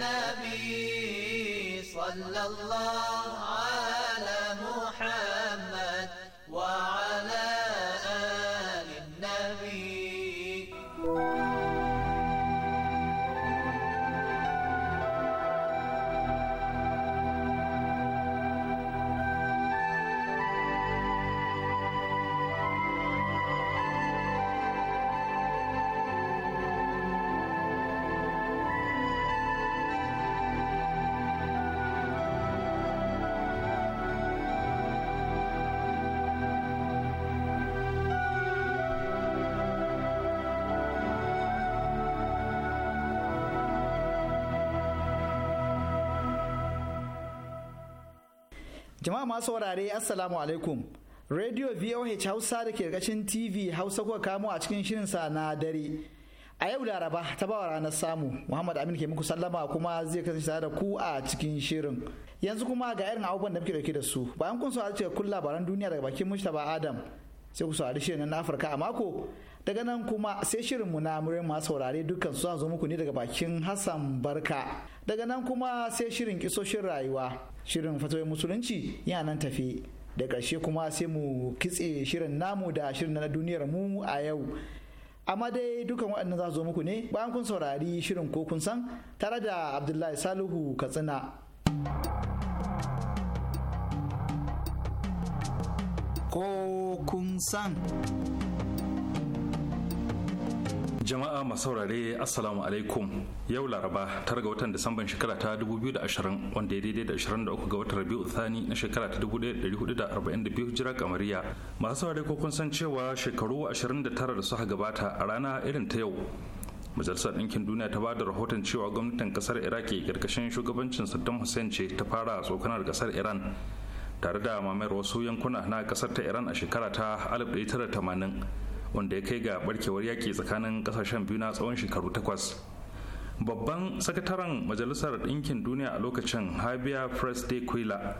النبي صلى الله jama'a masu saurare assalamu alaikum radio voh hausa da ke ƙarƙashin tv hausa kuka kamo a cikin shirin sa na dare a yau laraba ta bawa ranar samu muhammad amin ke muku sallama kuma zai kasance tare da ku a cikin shirin yanzu kuma ga irin abubuwan da muke dauke da su bayan kun saurari cikakkun labaran duniya daga bakin mustapha adam sai ku saurari shirin na afirka a mako daga nan kuma sai shirinmu na murin masu saurare dukkan su zo muku ne daga bakin hassan barka daga nan kuma sai shirin kisoshin rayuwa shirin fatoyin musulunci yana nan tafi da ƙarshe kuma sai mu kitse shirin namu da shirin na duniyar mu a yau amma dai dukkan waɗannan za zo muku ne bayan kun saurari shirin ko kun san tare da abdullahi salihu katsina ko kun san Jama'a masu saurare Assalamu alaikum. Yau Laraba tara ga watan Disamban shekara ta 2020 wanda ya daidai da 23 ga watan Rabiu Thani na shekara ta 1442 Hijira kamariya. Masu saurare ko kun san cewa shekaru 29 da suka gabata a rana irin ta yau majalisar ɗinkin duniya ta ba da rahoton cewa gwamnatin kasar iraki karkashin shugabancin saddam hussein ce ta fara tsokanar kasar iran tare da mamayar wasu yankuna na kasar ta iran a shekara ta 1980 wanda ya kai ga barkewar yaƙi tsakanin ƙasashen biyu na tsawon shekaru takwas babban sakataren majalisar ɗinkin duniya a lokacin habia press de quila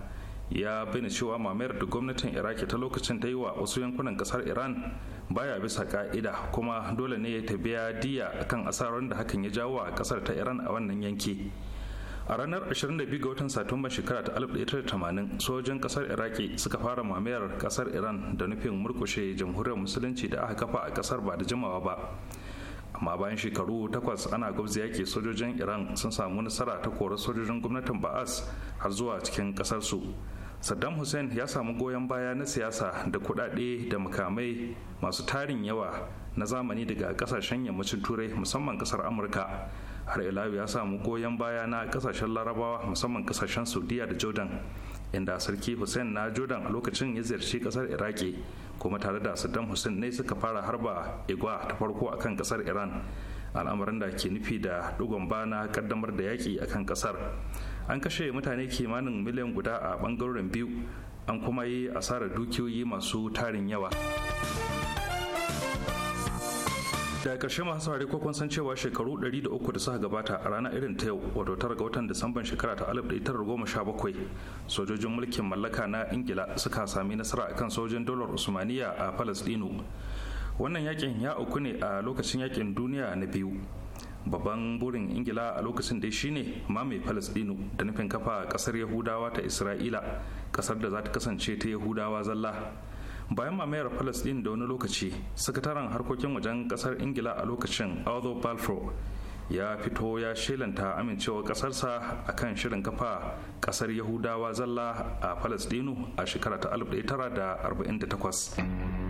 ya bayyana cewa mamayar da gwamnatin iraki ta lokacin ta yi wa wasu yankunan kasar iran baya bisa ka'ida kuma dole ne ta biya diya kan asarar da hakan ya jawo a ƙasar ta iran a wannan yanki a ranar 22 ga watan satumba shekara ta 1980 sojan kasar iraki suka fara mamayar kasar iran da nufin murkushe jamhuriyar musulunci da aka kafa a kasar ba da jimawa ba amma bayan shekaru takwas ana gwabza yaki sojojin iran sun samu nasara ta korar sojojin gwamnatin ba'as har zuwa cikin kasarsu saddam hussein ya samu goyon baya na siyasa da kudade da makamai masu tarin yawa na zamani daga kasashen yammacin turai musamman kasar amurka har ila ya samu goyon baya na kasashen larabawa musamman kasashen saudiya da jordan inda sarki hussein na jordan a lokacin ya ziyarci kasar iraki kuma tare da saddam hussein ne suka fara harba igwa ta farko akan kasar iran al'amarin da ke nufi da dogon bana kaddamar da yaƙi akan kasar an kashe mutane kimanin miliyan guda a ɓangaren biyu an kuma yi asarar dukiyoyi masu tarin yawa da ƙarshe masu saurare ko kun san cewa shekaru 103 da suka gabata a ranar irin ta yau wato tara ga watan disamban shekara ta 1917 sojojin mulkin mallaka na ingila suka sami nasara kan sojojin dolar usmaniya a palestino wannan yakin ya auku ne a lokacin yakin duniya na biyu babban burin ingila a lokacin dai shine mame palestino da nufin kafa kasar yahudawa ta isra'ila kasar da za ta kasance ta yahudawa zalla bayan mamayar palestine da wani lokaci sakataren harkokin wajen kasar ingila a lokacin aldo balfour ya fito ya shelanta amincewa kasarsa a kan shirin kafa kasar yahudawa zalla a dinu a shekara ta 1948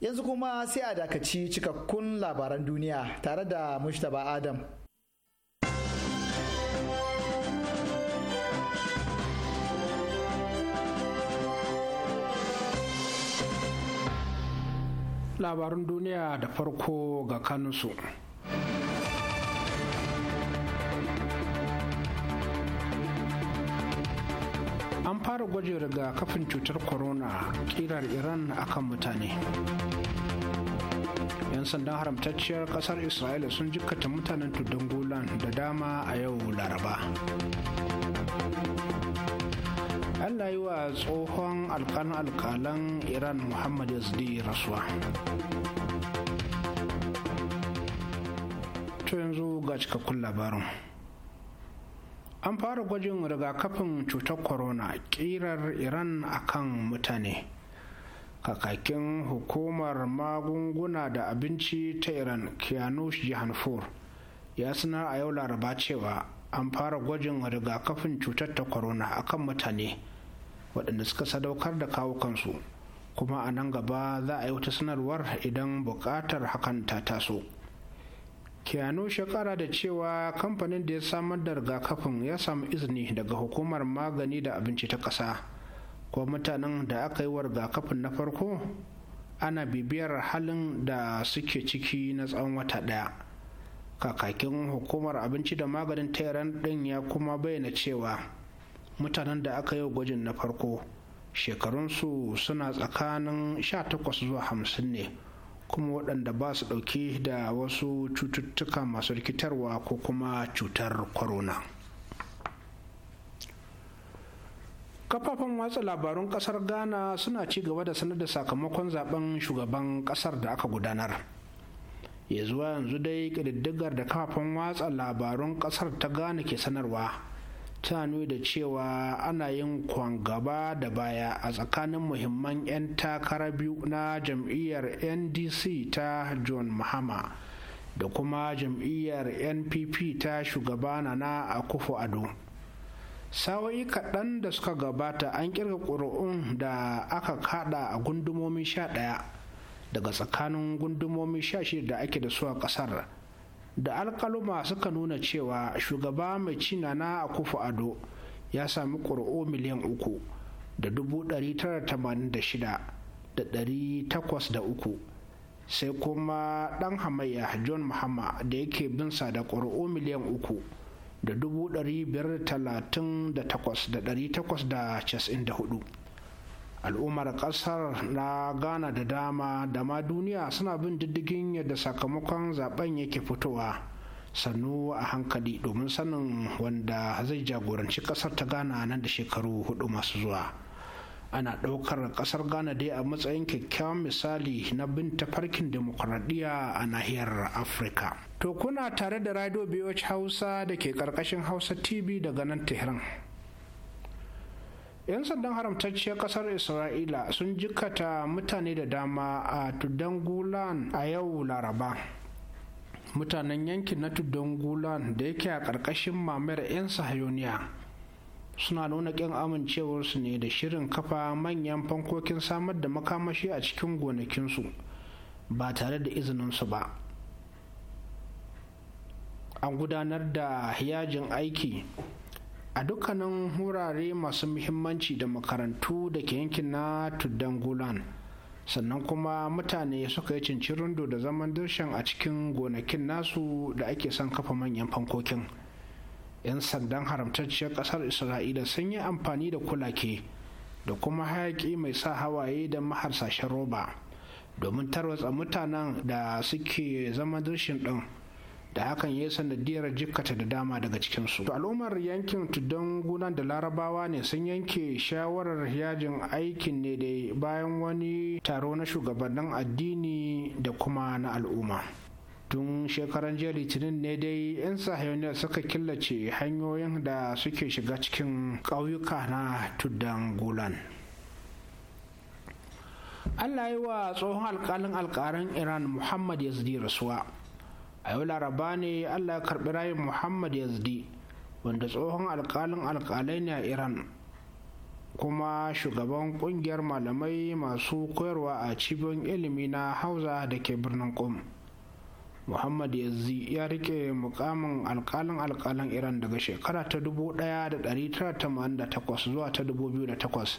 yanzu kuma sai a dakaci cikakkun labaran duniya tare da mustaba adam labarun duniya da farko ga kanunsu. fara gwaje kafin cutar corona kirar iran akan mutane yan sandan haramtacciyar kasar isra'ila sun jikata mutanen tuddan golan da dama a yau laraba allah yi wa tsohon alkan alkalan iran muhammad yazdi rasuwa to yanzu ga cikakkun labarin an fara gwajin rigakafin cutar corona kirar iran akan mutane kakakin hukumar magunguna da abinci ta iran kianush jihanfur ya sanar a yau laraba cewa an fara gwajin rigakafin cutar ta corona akan mutane waɗanda suka sadaukar da kawo kuma a nan gaba za a yi wata sanarwar idan buƙatar hakan ta taso. kyano shekara da cewa kamfanin da ya samar da rigakafin ya samu izini daga hukumar magani da abinci ta ƙasa ko mutanen da aka yi wa rigakafin na farko ana bibiyar halin da suke ciki na tsawon wata ɗaya kakakin hukumar abinci da maganin ta ɗin ya kuma bayyana cewa mutanen da aka yi gwajin na farko shekarunsu suna tsakanin 18 zuwa 50 ne kuma waɗanda ba su ɗauke da wasu cututtuka masu rikitarwa ko kuma cutar corona. kafafen watsa labarun ƙasar ghana suna ci gaba da sanar da sakamakon zaben shugaban ƙasar da aka gudanar ya zuwa yanzu dai ƙididdigar da kafafen watsa labarun ƙasar ta ghana ke sanarwa ta da cewa ana yin kwan gaba da baya a tsakanin muhimman 'yan takara biyu na jam'iyyar ndc ta john mahama da kuma jam'iyyar npp ta Shugabana na akufo ado sawayi kaɗan da suka gabata an kirga ƙuri'un da aka kaɗa a gundumomi sha ɗaya daga tsakanin gundumomi sha shida da ake da su a ƙasar da alkaluma suka nuna cewa shugaba mai cina na akufu ado ya sami ƙuri'u miliyan uku da dubu ɗari tara tamanin da shida da ɗari takwas da uku sai kuma ɗan hamayya john mahama da yake binsa da ƙuri'u miliyan uku da dubu ɗari biyar talatin da takwas da ɗari takwas da casin da hudu al'ummar kasar na ghana da dama da ma duniya suna bin diddigin yadda sakamakon zaben yake fitowa sannu a hankali domin sanin wanda zai jagoranci kasar ta ghana nan da shekaru hudu masu zuwa ana ɗaukar ƙasar ghana dai a matsayin kyakkyawan misali na bin tafarkin demokuraɗiyya a nahiyar afirka to kuna tare da radio bh hausa da ke ƙarƙashin hausa tv daga nan tehran 'yan sandan haramtacciyar kasar isra'ila sun jikata mutane da dama a tuddan gulan a yau laraba mutanen yankin na tuddan gulan da yake a ƙarƙashin mamayar 'yan sahayoniya suna nuna ƙin amincewarsu ne da shirin kafa manyan fankokin samar da makamashi a cikin gonakinsu ba tare da izininsu ba an gudanar da yajin aiki a dukkanin hurare masu muhimmanci da makarantu da ke yankin na tuddan gulan sannan kuma mutane suka yi cincirindo da zaman dirshan a cikin gonakin nasu da ake son kafa manyan fankokin 'yan sandan haramtacciyar kasar isra'ila sun yi amfani da kulake da kuma hayaki mai sa hawaye da maharsashen roba domin tarwatsa mutanen da suke zaman dirshin ɗin da hakan ya sanadiyar jikkata da dama daga cikinsu. To al'ummar yankin tuddan gunan da larabawa ne sun yanke shawarar yajin aikin ne da bayan wani taro na shugabannin addini da kuma na al'umma. tun shekaran jiya litinin ne dai 'yan sahiyoniya suka killace hanyoyin da suke shiga cikin ƙauyuka na tuddan gulan allah yi wa tsohon alƙalin alkarin iran muhammad yazdi rasuwa a yau laraba ne allah ya karbi rayin muhammad yazdi wanda tsohon alkalin alkalai ne a iran kuma shugaban kungiyar malamai masu koyarwa a cibiyar ilimi na hausa da ke birnin qom muhammad yazdi ya rike mukamin alkalin alkalin iran daga shekara ta 1988 zuwa ta 2008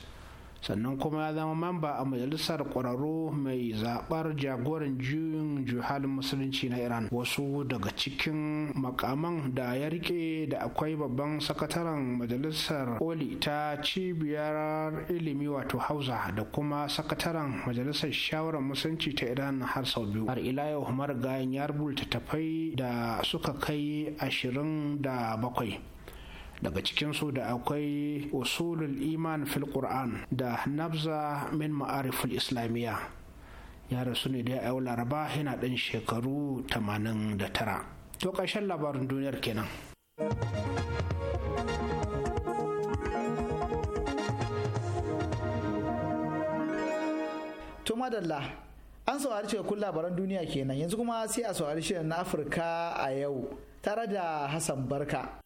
sannan kuma ya zama mamba a majalisar kwararru mai zaɓar jagoran juyin juhalin musulunci na iran wasu daga cikin makaman da ya rike da akwai babban sakataren majalisar oli ta cibiyar ilimi wato hausa da kuma sakataren majalisar shawarar musulunci ta iran har sau biyu har ila yau marigayen ya rubuta tafai da suka kai ashirin da bakwai daga cikinsu da akwai usulul iman fil qur'an da nabza min ma'ariful islamiyya ya rasu ne da ya laraba yana ɗan shekaru 89 to ƙarshen labarin duniyar kenan to madalla an saurari cikakkun labaran duniya kenan yanzu kuma sai a saurari shirin na afirka a yau tare da hassan barka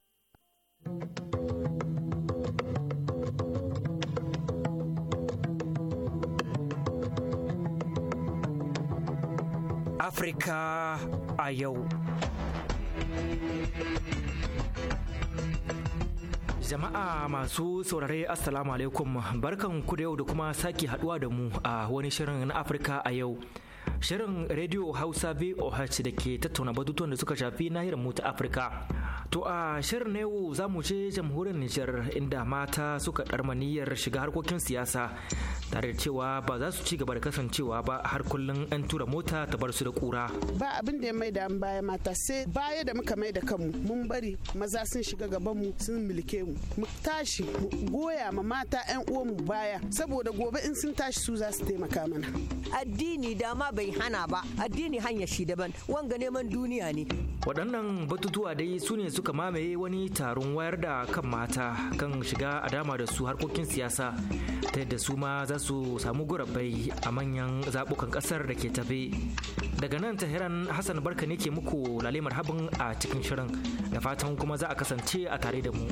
Afirka a yau. Jama'a masu saurare Assalamu alaikum barkan ku da yau da kuma sake haduwa da mu a wani shirin na Afirka a yau. Shirin Radio Hausa VOH da ke tattauna batutuwan da suka shafi nahiyar mu ta Afirka. To a shirin na yau za mu je jamhuriyar Nijar inda mata suka ɗarmaniyar shiga harkokin siyasa tare da cewa ba za su ci gaba da kasancewa ba har kullum an tura mota ta bar su da kura. Ba abin da ya mai da an baya mata sai baya da muka mai da kanmu mun bari maza sun shiga gaban mu sun milke mu mu tashi mu goya ma mata yan uwanmu baya saboda gobe in sun tashi su za su taimaka mana. Addini dama bai hana ba addini hanya shi daban wanga neman duniya ne. Waɗannan batutuwa dai su ne suka mamaye wani taron wayar da kan mata kan shiga a dama da su harkokin siyasa ta yadda su ma za su samu gurabai a manyan zaɓukan ƙasar da ke tafe daga nan tahiran hassan barka ne ke muku lalimar habin a cikin shirin da fatan kuma za a kasance a tare da mu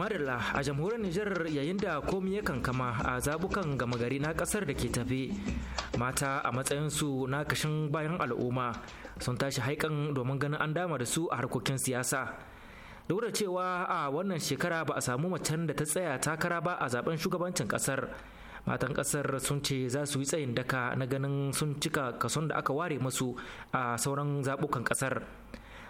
madalla a jamhuriyar Nijar yayin da komi ya kankama a zabukan gama gari na kasar da ke tafe. Mata a matsayin su na kashin bayan al'umma sun tashi haikan domin ganin an dama da su a harkokin siyasa. Duk da cewa a wannan shekara ba a samu macen da ta tsaya takara ba a zaben shugabancin kasar. Matan kasar sun ce za su yi tsayin daka na ganin sun cika kason da aka ware masu a sauran zabukan kasar.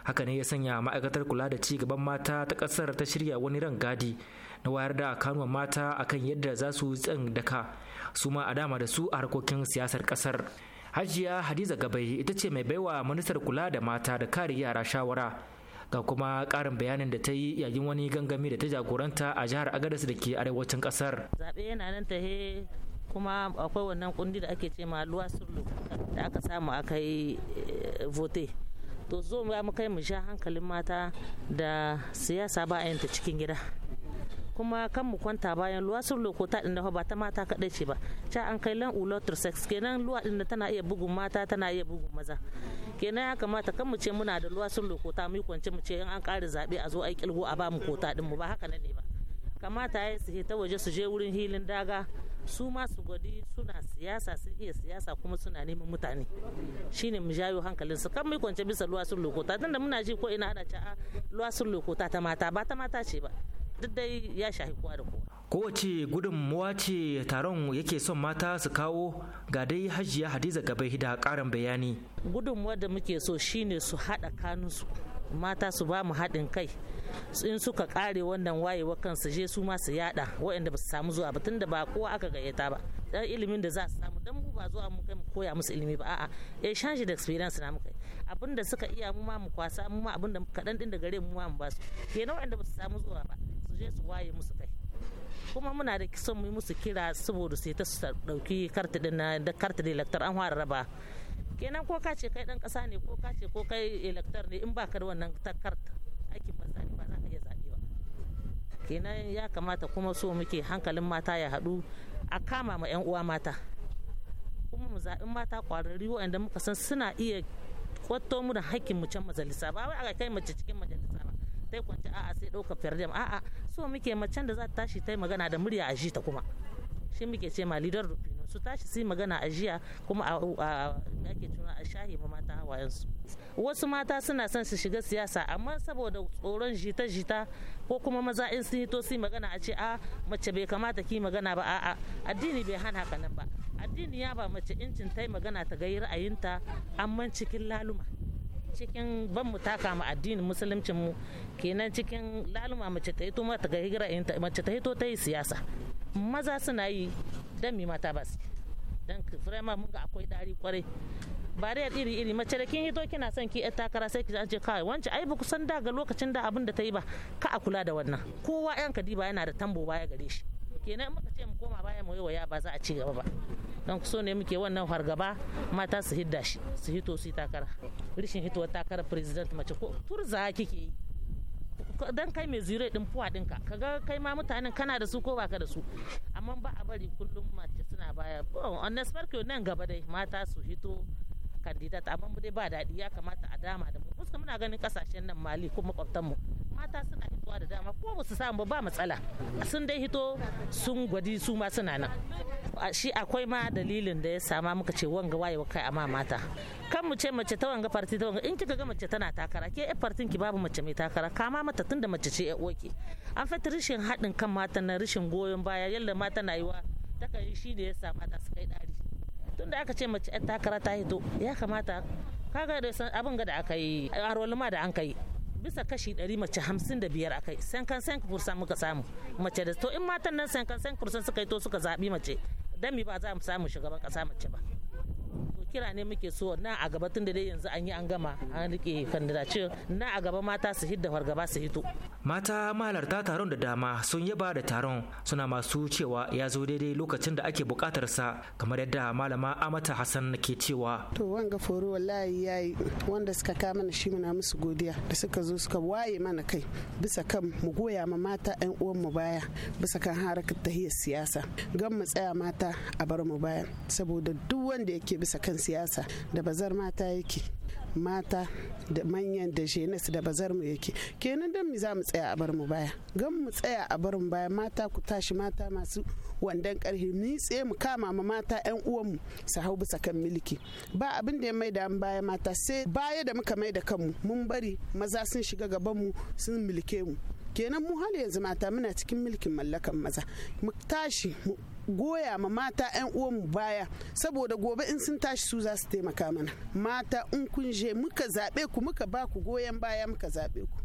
haka ne ya sanya ma'aikatar kula da ci gaban mata ta kasar ta shirya wani rangadi na wayar da kanuwa mata akan yadda za su tsan daka su ma a dama da su a harkokin siyasar kasar hajiya hadiza gabai ita ce mai baiwa ministar kula da mata da kare yara shawara ga kuma karin bayanin da ta yi yayin wani gangami da ta jagoranta a jihar agadas da ke arewacin kasar zaɓe yana nan ta he kuma akwai wannan kundi da ake ce ma luwa sulu da aka samu aka yi eh, vote to zo mu kai mu sha hankalin mata da siyasa ba ta cikin gida kuma kan mu kwanta bayan luwa sun lokota din da ba ta mata kadai ce ba C'a an kai lan ulotur sex kenan luwa din da tana iya bugun mata tana iya bugun maza kenan ya kamata kan mu ce muna da luwa lokota mu kwance mu ce in an kare zaɓe a zo ai kilgo a ba mu kota din mu ba haka ne ba kamata ya su ta waje su je wurin hilin daga su masu gwadi suna siyasa sun iya siyasa kuma suna neman mutane shine mu jayo hankalin su kan mai kwance bisa luwasun lokota tunda muna ji ko ina ana luwa luwasun lokota ta mata ba ta mata ce ba duk dai ya shahi kowa da kowa kowace gudunmuwa ce taron yake son mata su kawo ga dai hajiya hadiza gabai da karin bayani gudunmuwa da muke so shine su haɗa kanunsu mata su ba mu haɗin kai in suka kare wannan wayewa kansu je su ma su yada waɗanda ba su samu zuwa ba tunda ba kowa aka gayyata ba dan ilimin da za su samu dan mu ba zuwa mu kai mu koya musu ilimi ba a'a eh change da experience na mu kai abinda suka iya mu ma mu kwasa mu ma abinda kadan din da gare mu ma mu ba su kenan waɗanda ba su samu zuwa ba su je su waye musu kai kuma muna da son mu yi musu kira saboda sai ta dauki karta din na da karti da elector an fara raba kenan ko ka ce kai dan kasa ne ko ka ce ko kai elector ne in ba ka da wannan karta aikin ba kenan ya kamata kuma so muke hankalin mata ya haɗu a kama ma 'yan uwa mata kuma mu zaɓi mata ƙwararri waɗanda muka san suna iya kwato mu da hakkin mu can majalisa ba wai aka kai mace cikin majalisa ba tai kwanci a'a sai ɗaukar fardem a'a so muke macen da za ta tashi ta magana da murya a ta kuma shi muke ce ma lidar rufino su tashi su magana a jiya kuma a ake tuna a shahi ma mata hawayensu wasu mata suna son su shiga siyasa amma saboda tsoron jita-jita ko kuma maza in sun hito su magana a ce a mace bai kamata ki magana ba a'a addini bai hana haka nan ba addini ya ba mace incin yi magana ta gayi ra'ayinta amma cikin laluma cikin ban mu taka ma addinin musuluncin mu kenan cikin laluma mace ta hito ta gayi ra'ayinta mace ta hito ta yi siyasa maza suna yi dan mi mata ba su dan firaima mun ga akwai dari kwarai bariyar iri iri mace da kin hito kina son ki yar takara sai ki ce kai wance ai ba kusan da ga lokacin da abin da ta yi ba ka a kula da wannan kowa yan diba yana da tambo baya gare shi kenan muka ce mu koma baya mu waya ba za a ci gaba ba don ku so ne muke wannan fargaba mata su hidda shi su hito su takara rishin hitowar takara president mace ko turza kike yi dan kai mai zire din fuwa ka kaga kai ma mutanen kana da su ko baka da su amma ba a bari kullum mace suna baya on nan gaba dai mata su hito kandidat amma mu dai ba daɗi ya kamata a dama da mu kusa muna ganin kasashen nan mali ko makwabtan mu mata suna hitowa da dama ko ba su samu ba matsala sun dai hito sun gwadi su ma suna nan shi akwai ma dalilin da ya sama muka ce wanga wa kai amma mata kan mu ce mace ta wanga farti ta wanga in kika ga mace tana takara ke yar fartin ki babu mace mai takara kama mata tunda mace ce yar oke an fata rishin haɗin kan mata na rishin goyon baya yalla mata na yi wa takan shi ne ya sa mata su kai ɗari tunda aka ce mace yar takara ta hito ya kamata kaga da abin ga da aka yi rolima da an kai bisa kashi 100 mace 55 akai sankan sank fursan muka samu mace da to in matan nan kan sank fursan suka yi to suka zabi mace dan mi ba za mu samu shugaban kasa mace ba kira ne muke so na a gaba tun da dai yanzu an yi an gama an rike kandidacin na a gaba mata su hidda fargaba su hito mata mahalarta taron da dama sun yaba da taron suna masu cewa ya zo daidai lokacin da ake bukatar sa kamar yadda malama amata hassan ke cewa to wanga foro wallahi yayi wanda suka kama mana shi muna musu godiya da suka zo suka waye mana kai bisa kan mu goya ma mata yan uwan mu baya bisa kan harakar tahiyar siyasa gan mu tsaya mata a bar mu baya saboda duk wanda yake bisa kan siyasa da bazar mata yake mata da manyan da jenis da bazar mu yake kenan dan mu za mu tsaya a bar mu baya gan mu tsaya a bar mu baya mata ku tashi mata masu wandan karhi ni tsaye mu kama ma mata yan uwan mu su hau bisa kan miliki ba abin da ya da an baya mata sai baya da muka mai da kanmu mun bari maza sun shiga gaban mu sun milike mu kenan mu har yanzu mata muna cikin milkin mallakan maza mu tashi mu. goya ma mata 'yan mu baya saboda gobe in sun tashi su za su taimaka mana mata in kun je muka zaɓe ku muka ba ku goyon baya muka zaɓe ku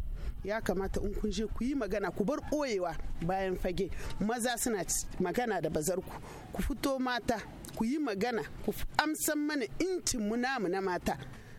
ya kamata in kun je ku yi magana ku bar ɓoyewa bayan fage maza suna magana da bazar ku ku fito mata ku yi magana ku amsan mana incin mu namu na mata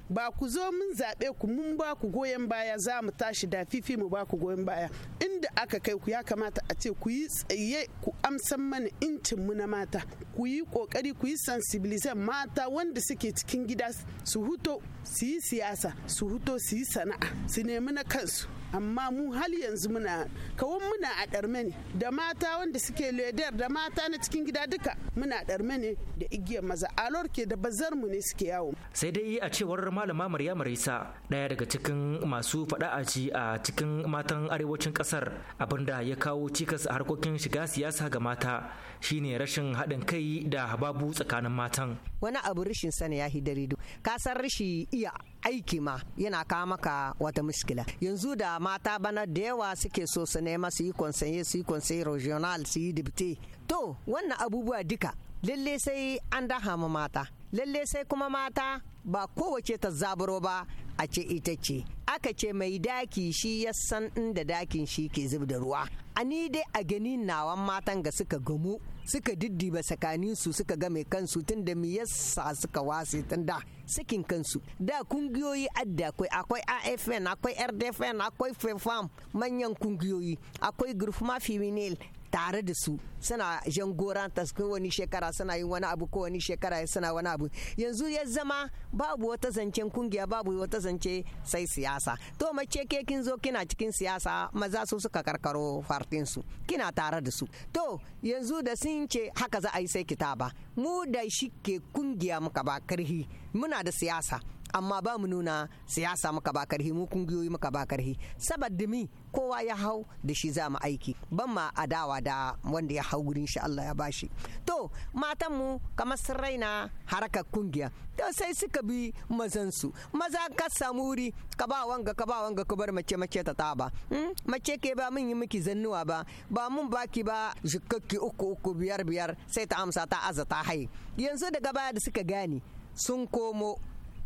ba ku zo mun zaɓe ku mun ba ku goyon baya za mu tashi da fifi mu ba ku goyon baya inda aka kai ku ya kamata a ce ku yi tsaye ku amsan mana incin mu na mata ku yi kokari ku yi sensibilizan mata wanda suke cikin gida su huto su yi siyasa su huto su yi sana'a su nemi na kansu amma mu hal yanzu muna kawun muna a ɗarme ne da mata wanda suke ledar da mata na cikin gida duka muna ɗarme ne da igiyar maza alor ke da bazar mu ne suke yawo sai dai a cewar malama marya marisa ɗaya daga cikin masu faɗa a ji a cikin matan arewacin ƙasar abinda ya kawo cikas a harkokin shiga siyasa ga mata shine rashin haɗin kai da hababu tsakanin matan wani abu rashin sani ya hidari ka san rashi iya aiki ma yana kawo maka wata muskila yanzu da mata bana da yawa suke so su nema su yi konseye su yi konseye regional su yi dibte to wannan abubuwa duka lalle sai an daha ma mata lalle sai kuma mata ba kowace ta zaburo ba a ce ita ce aka ce mai daki shi ya san inda dakin shi ke zub da ruwa ani dai a ganin nawan matan ga suka gamu suka diddiba tsakanin su suka ga mai kansu tun da mi yasa suka wase tun da sakin kansu da kungiyoyi adda akwai akwai AFN akwai RDFN akwai FEFAM manyan kungiyoyi akwai Group Feminil tare da su suna jan goran wani shekara suna yin wani abu ko wani shekara suna wani abu yanzu ya zama babu wata zancen kungiya babu wata zance sai siyasa to mace ke kin zo kina cikin siyasa maza su suka karkaro fartin su kina tare da su to yanzu da sun ce haka za a yi sai kitaba mu da shi ke kungiya muka ba karhi muna da siyasa amma ba mu nuna siyasa muka ba karhi mu kungiyoyi muka ba karhi saboda mi kowa ya hau da shi za mu aiki ban ma adawa da wanda ya hau gurin shi Allah ya bashi to matan mu kamar sun raina harakar kungiya to sai suka bi mazan su maza ka samu wuri ka ba wanga ka ba wanga ka bar mace mace ta taba hmm? mace ke ba mun yi miki zannuwa ba ba mun baki ba jikakki uku uku biyar biyar sai ta amsa ta aza ta hai yanzu daga baya da suka gane sun komo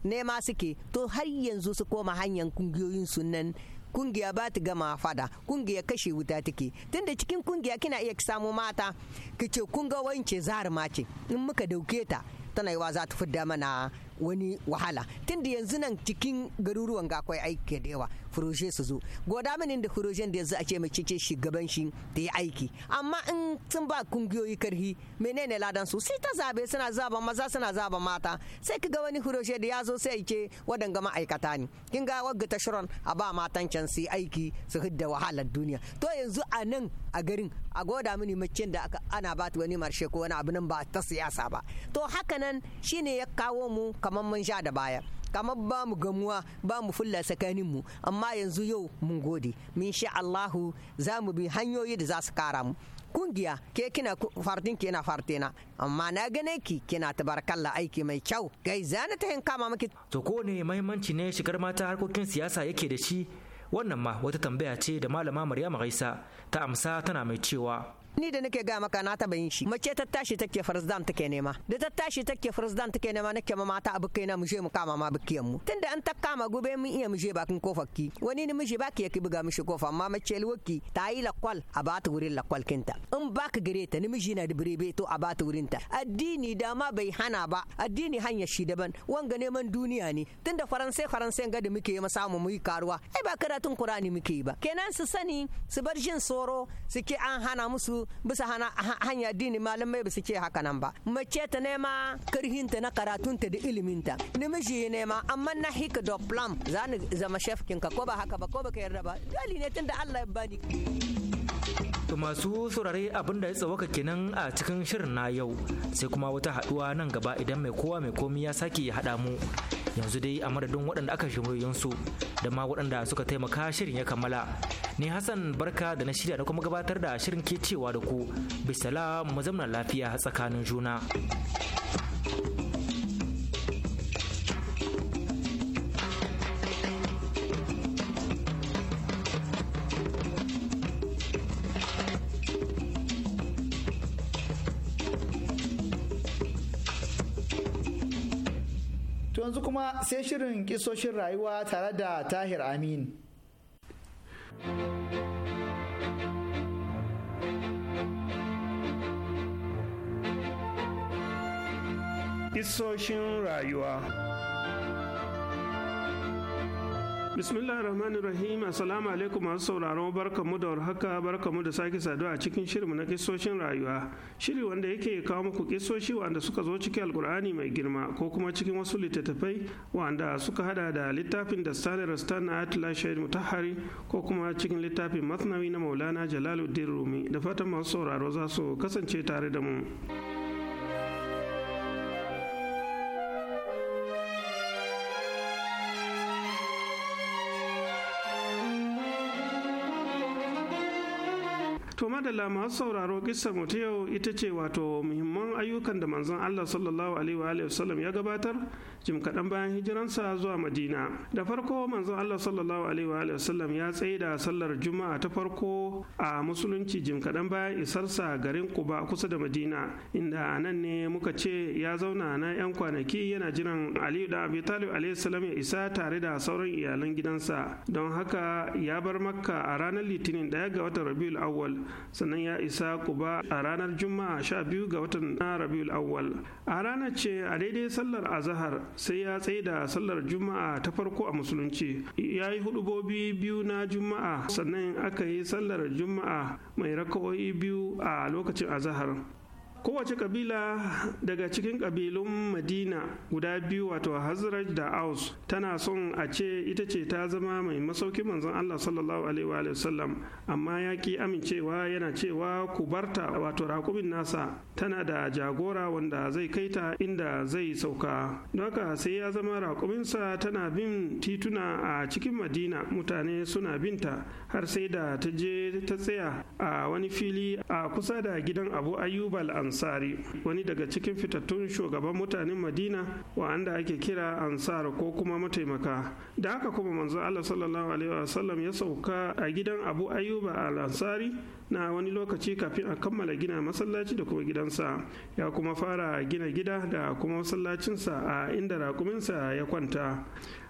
nema suke to har yanzu su koma hanyar kungiyoyin sunan kungiya ba ta gama fada kungiya kashe wuta take tunda cikin kungiya kina iya samu mata kace ce wance zaruma ce in muka dauke ta tana yiwa za ta fidda mana wani wahala tun da yanzu nan cikin garuruwan ga akwai aiki da yawa furoshe su zo goda mini da furoshen da yanzu a ce mai ce shugaban shi da ya aiki amma in sun ba kungiyoyi karhi menene ladan su sai ta zabe suna zaba maza suna zaba mata sai kaga wani furoshe da ya zo sai ce wadanga ma'aikata ne kin ga wagga ta shirin a ba matan can su aiki su hidda wahalar duniya to yanzu a nan a garin a goda mini macen da ana ba ta wani marshe ko wani abu nan ba ta siyasa ba to haka nan shine ya kawo mu kamar mun sha da baya kamar ba mu gamuwa ba mu fulla tsakanin mu amma yanzu yau mun gode min sha Allahu za mu bi hanyoyi da za su kara mu kungiya ke kina fartin kina fartina amma na gane ki kina tabarkalla aiki mai kyau gai zana ta hin kama miki to ko ne mahimmanci ne shigar mata harkokin siyasa yake da shi wannan ma wata tambaya ce da malama Maryama Gaisa ta amsa tana mai cewa ni da nake ga maka na taba yin shi mace ta tashi take farzdan take nema da ta tashi take farzdan take nema nake ma mata kai na muje mu kama ma bukiyan mu tunda an ta kama gobe mun iya muje bakin kofarki ki wani ni muje baki yake buga mishi kofa amma mace lwaki ta yi lakwal a ba ta wurin lakwal kinta in baka gare ta namiji na da birebe to a ba ta wurin ta addini da ma bai hana ba addini hanya shi daban wanga neman duniya ne tunda faransai faransai ga da muke yi samu mu yi karuwa ai ba karatun qur'ani muke yi ba kenan su sani su bar jin tsoro suke an hana musu yanzu bisa hanya dini malamai ba su ce haka nan ba mace ta nema karhinta na karatunta da iliminta namiji nema amma na hika da plan za ni zama shafkinka ko ba haka ba ko ba ka yarda ba dali ne tunda Allah ya bani To masu saurare abin da ya tsawaka kenan a cikin shirin na yau sai kuma wata haduwa nan gaba idan mai kowa mai komi ya sake haɗa mu yanzu dai a madadin waɗanda aka su da ma waɗanda suka taimaka shirin ya kammala ni hassan barka da na shirya da kuma gabatar da shirin ke cewa da ku bisala mu zamna lafiya tsakanin juna kuma sai shirin kisoshin rayuwa tare da tahir amin Isoshin rayuwa bismillah rahmani rahim assalamu alaikum masu sauraron barkamu da warhaka barkamu da sake saduwa a cikin shirin na kisoshin rayuwa shiri wanda yake kawo muku kisoshi wanda suka zo cikin alkur'ani mai girma ko kuma cikin wasu littattafai wanda suka hada da littafin da stanley rastan na atila mutahari ko kuma cikin littafin masnawi na maulana jalaluddin rumi da fatan masu sauraro za su kasance tare da mu. madalla masu sauraro kisar mu ta yau ita ce wato muhimman ayyukan da manzon Allah sallallahu alaihi wa sallam ya gabatar jim kaɗan bayan hijiransa zuwa madina da farko manzon allah sallallahu alaihi wa ya tsaye da sallar juma'a ta farko a musulunci jim kaɗan bayan isarsa garin kuba kusa da madina inda nan ne muka ce ya zauna na 'yan kwanaki yana jiran aliyu da abi talib alaihi ya isa tare da sauran iyalan gidansa don haka ya bar makka a ranar litinin ɗaya ga watan rabiul awwal sannan ya isa kuba a ranar juma'a sha biyu ga watan rabiul awwal a ranar ce a daidai sallar azahar sai ya tsaye da sallar juma'a ta farko a musulunci ya yi hudubobi biyu na juma'a sannan aka yi sallar juma'a mai raka'o'i biyu a lokacin azahar kowace kabila daga cikin kabilun madina guda biyu wato hazraj da aus tana son a ce ita ce ta zama mai masauki manzon allah sallallahu alaihi wa sallam amma ya ki amincewa yana cewa ku barta wato rakumin nasa tana da jagora wanda zai kai ta inda zai sauka don haka sai ya zama rakuminsa tana bin tituna a cikin madina mutane suna binta har sai da ta je ta tsaya a wani fili a kusa da gidan abu ayyubal ansari wani daga cikin fitattun shugaban mutanen madina wa'anda ake kira ansar ko kuma mataimaka da haka kuma manzo allah sallallahu alaihi wasallam ya sauka a gidan abu ayuba al ansari na wani lokaci kafin a kammala gina masallaci da kuma gidansa ya kuma fara gina gida da kuma masallacinsa a inda raƙuminsa ya kwanta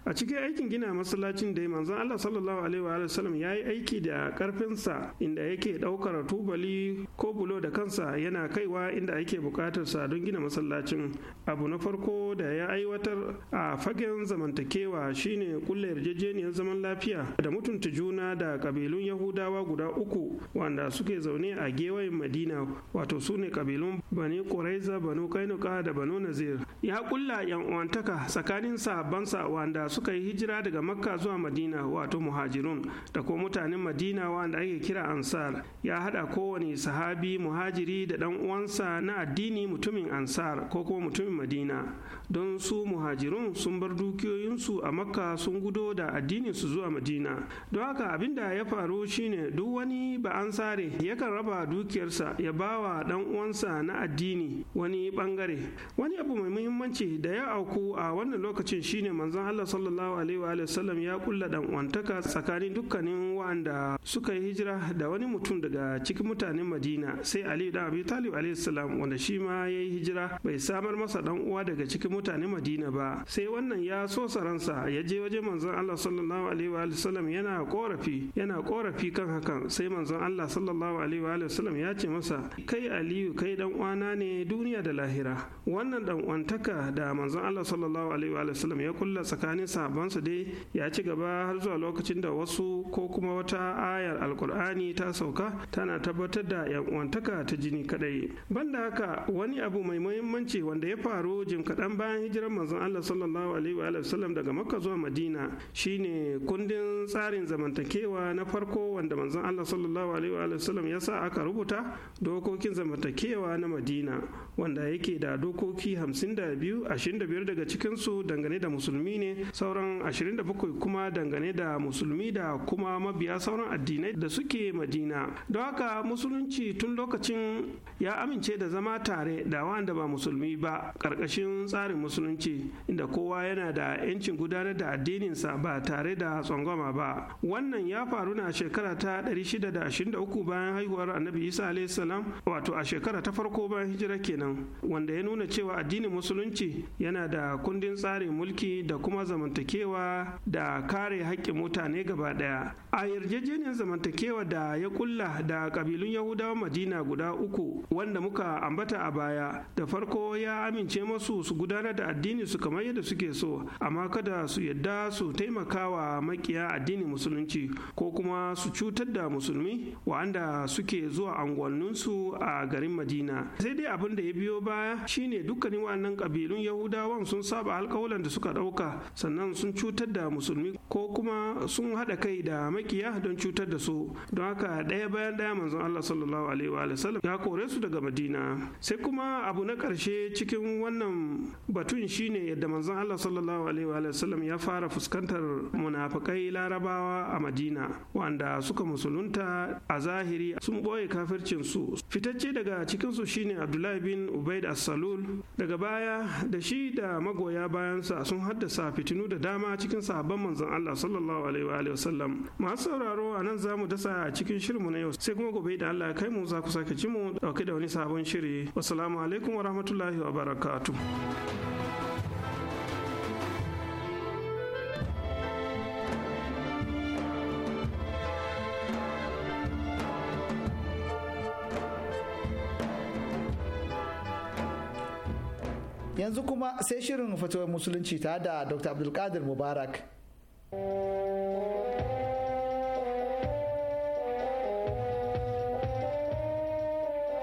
a cikin aikin gina masallacin da manzon Allah sallallahu alaihi wa sallam ya yi aiki da karfinsa inda yake daukar tubali ko bulo da kansa yana kaiwa inda ake bukatar sa don gina masallacin abu na farko da ya aiwatar a fagen zamantakewa shine kulle yarjejeniyar zaman lafiya da mutunta juna da kabilun yahudawa guda uku wanda suke zaune a gewayen madina wato su ne kabilun bani quraiza banu kainuka da banu nazir ya kulla yan uwantaka tsakanin bansa wanda suka yi hijira daga makka zuwa madina wato muhajirun da ko mutanen madina wanda ake kira ansar ya hada kowane sahabi muhajiri da dan uwansa na addini mutumin ansar ko kuma mutumin madina don su muhajirun sun bar dukiyoyinsu a makka sun gudo da addinin su zuwa madina don haka abin da ya faru shine duk wani ba an sare yakan raba dukiyarsa ya bawa dan uwansa na addini wani bangare wani abu mai muhimmanci da ya auku a wannan lokacin shine manzon Allah sallallahu alaihi wa sallam ya kulla dan uwantaka tsakanin dukkanin wanda suka yi hijira da wani mutum daga cikin mutanen madina sai ali da abi talib alaihi salam wanda shi ma yayi hijira bai samar masa dan uwa daga cikin mutane madina ba sai wannan ya so ransa ya je waje manzon Allah sallallahu alaihi wa sallam yana korafi yana korafi kan hakan sai manzon Allah sallallahu alaihi wa sallam ya ce masa kai aliyu kai dan uwana ne duniya da lahira wannan dan uwantaka da manzon Allah sallallahu alaihi wa sallam ya kulla tsakanin sahabbansa dai ya ci gaba har zuwa lokacin da wasu ko kuma wata ayar alkur'ani ta sauka tana tabbatar da yan uwantaka ta jini kadai banda haka wani abu mai muhimmanci wanda ya faru jim kaɗan bayan bayan hijirar manzon Allah sallallahu alaihi wa sallam daga Makka zuwa Madina shine kundin tsarin zamantakewa na farko wanda manzon Allah sallallahu alaihi wa sallam ya sa aka rubuta dokokin zamantakewa na Madina wanda yake da dokoki 52 25 daga cikin su dangane da musulmi ne sauran 27 kuma dangane da musulmi da kuma mabiya sauran addinai da suke Madina don haka musulunci tun lokacin ya amince da zama tare da wanda ba musulmi ba ƙarƙashin tsarin musulunci inda kowa yana da 'yancin gudanar da addininsa ba tare da tsangwama ba wannan ya faru na shekara ta 623 bayan haihuwar annabi isa alaihissalam wato a shekara ta farko bayan hijira kenan wanda ya nuna cewa addinin musulunci yana da kundin tsarin mulki da kuma zamantakewa da kare haƙƙin mutane gaba ɗaya a yarjejeniyar zamantakewa da ya kulla da ƙabilun yahudawa madina guda uku wanda muka ambata a baya da farko ya amince masu su gudanar gudanar da addini su kamar yadda suke so amma kada su yadda su taimakawa makiya addinin musulunci ko kuma su cutar da musulmi wa'anda suke zuwa anguwanninsu a garin madina sai dai abin da ya biyo baya shine dukkanin wannan kabilun yahudawan sun saba alkawalan da suka ɗauka sannan sun cutar da musulmi ko kuma sun haɗa kai da makiya don cutar da su don haka ɗaya bayan ɗaya manzon allah sallallahu alaihi wa sallam ya kore su daga madina sai kuma abu na ƙarshe cikin wannan batun shine yadda manzon Allah sallallahu alaihi wa sallam ya fara fuskantar munafikai larabawa a Madina wanda suka musulunta a zahiri sun boye kafircin su fitacce daga cikin su shine Abdullahi bin Ubaid as-Salul daga baya da shi da magoya bayansa sun haddasa fitinu da dama cikin sahabban manzon Allah sallallahu alaihi wa sallam masu sauraro a nan zamu dasa a cikin shirinmu na yau sai kuma gobe da Allah kai mu za ku sake ci mu dauke da wani sabon shiri assalamu alaikum wa rahmatullahi wa barakatuh yanzu kuma sai shirin fatawar musulunci ta da dr abdulkadir mubarak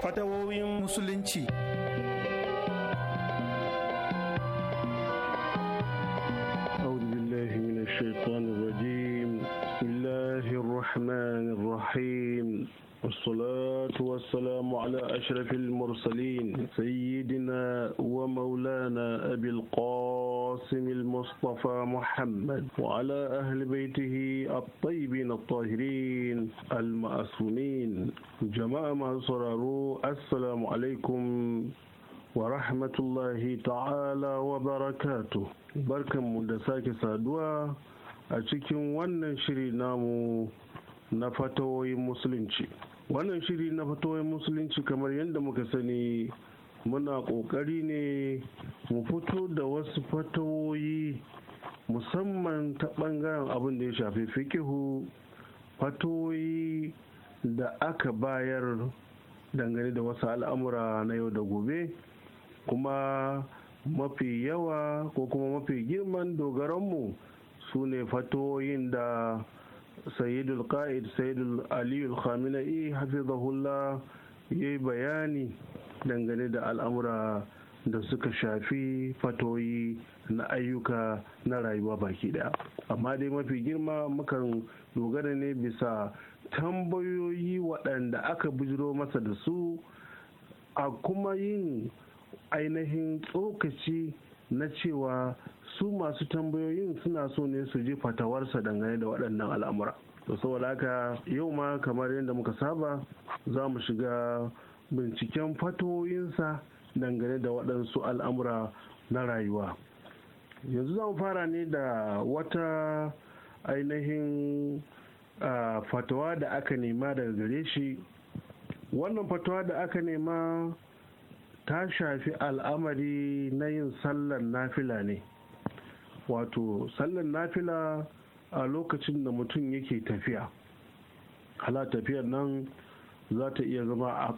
fatawoyin musulunci المصطفى محمد وعلى أهل بيته الطيبين الطاهرين المأسومين جماعة ما صرروا السلام عليكم ورحمة الله تعالى وبركاته بركة مدساك سادوا أشكين وانا شري نامو نفتوي مسلمشي wannan shiri na fatoyin musulunci kamar yadda muka sani muna ƙoƙari ne mu fito da wasu fatawoyi musamman ta ɓangaren abin da ya shafi fikihu fatoyi da aka bayar dangane da wasu al'amura na yau da gobe kuma mafi yawa ko kuma mafi girman dogaranmu su ne fatoyin da sayidul qa'id sayidul aliyul khamenei hafizahullah ya yi bayani dangane da al'amura da suka shafi fatoyi na ayyuka na rayuwa baki daya amma dai mafi girma mukan dogara ne bisa tambayoyi waɗanda aka bujiro masa da su a kuma yin ainihin tsokaci na cewa su masu tambayoyin suna so ne su ji fatawarsa dangane da waɗannan al'amura to saboda haka yau ma kamar yadda muka saba za mu shiga binciken fatoyinsa dangane da waɗansu al'amura na rayuwa yanzu zan fara ne da wata ainihin fatawa da aka nema daga gare shi wannan fatawa da aka nema ta shafi al'amari na yin sallar nafila ne wato sallar nafila a lokacin da mutum yake tafiya hala tafiyar nan za ta iya zama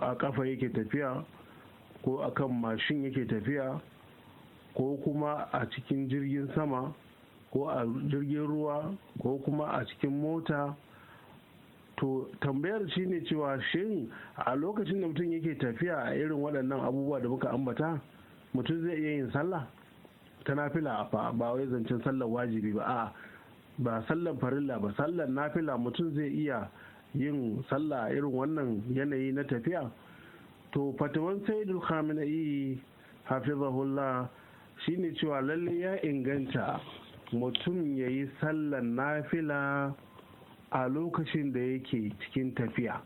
a kafa yake tafiya ko akan mashin yake tafiya ko kuma a cikin jirgin sama ko a jirgin ruwa ko kuma a cikin mota to tambayar shi ne cewa shin a lokacin da mutum yake tafiya a irin waɗannan abubuwa da muka ambata mutum zai iya yin sallah ta nafila ba wai zancen sallar wajibi ba a ba sallar farilla ba sallar nafila mutum zai iya yin sallah irin wannan yanayi na tafiya to fatawan sayyidul khamenei hafizahullah shine cewa lalle ya inganta mutum ya yi sallar nafila a lokacin da yake cikin tafiya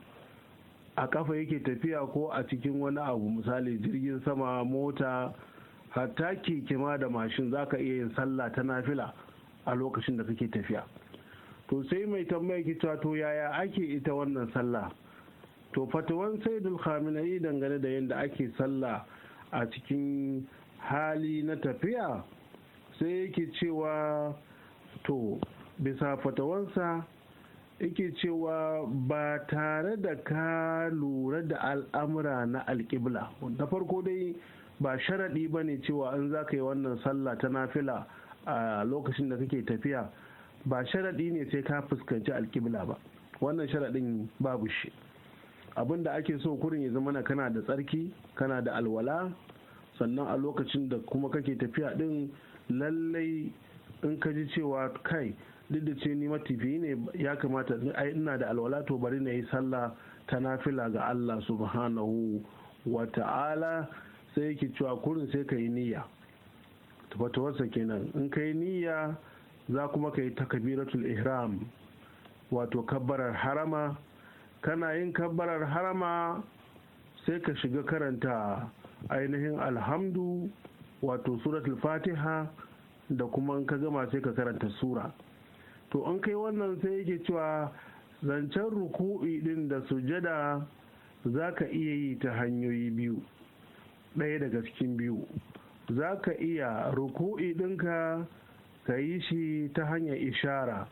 a kafa yake tafiya ko a cikin wani abu misali jirgin sama mota hatta keke ma da mashin za ka iya yin sallah ta nafila a lokacin da kake tafiya to sai mai tambaya cewa to yaya ake ita wannan sallah to fatawan saidul yi dangane da yadda ake sallah a cikin hali na tafiya sai yake cewa to bisa fatawansa yake cewa ba tare da ka lura da al'amura na alƙibla na farko dai ba sharaɗi ba ne cewa an za ka yi wannan sallah ta nafila a lokacin da kake tafiya ba sharaɗi ne sai ka fuskanci alƙibla ba wannan sharaɗin babu shi abin da ake so kurin ya zama na kana da tsarki kana da alwala sannan a lokacin da kuma kake tafiya din lallai in ka ji cewa kai duk da ce ni matifi ne ya kamata ai ina da alwala to bari na yi sallah ta nafila ga Allah subhanahu wa ta'ala sai yake cewa kurin sai ka yi niyya tafatawarsa kenan in ka yi niyya za kuma ka yi takabiratul ihram wato kabbarar harama kana yin kabbarar harama sai ka shiga karanta ainihin alhamdu wato suratul fatiha da kuma in ka gama sai ka karanta sura to an kai wannan sai yake cewa zancen ruku'i din da sujada za ka iya yi ta hanyoyi biyu ɗaya daga cikin biyu za ka iya ruku'i ɗinka ka yi shi ta hanyar ishara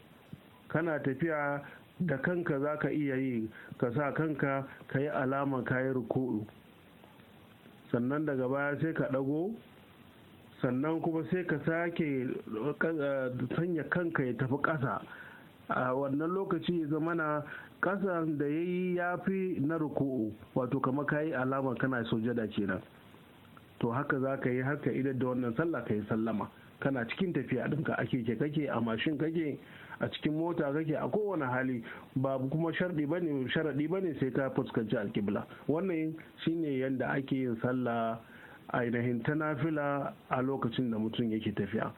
kana tafiya da kanka za ka iya yi ka sa kanka ka yi alama ka yi ruku'u sannan daga baya sai ka ɗago sannan kuma sai ka sake eh, sanya kanka ya tafi ƙasa a wannan lokaci ya zama na ƙasan da ya yi ya fi na ruku'u wato kama ka yi alama kana sujada kenan to haka za ka yi haka idan da wannan sallah ka yi sallama kana cikin tafiya ɗinka ake ke kake a mashin kake a cikin mota kake a kowane hali ba kuma sharaɗi bane sharaɗi sai ta fuskanci alƙibla wannan shine yadda ake yin sallah ainihin ta nafila a lokacin da mutum yake tafiya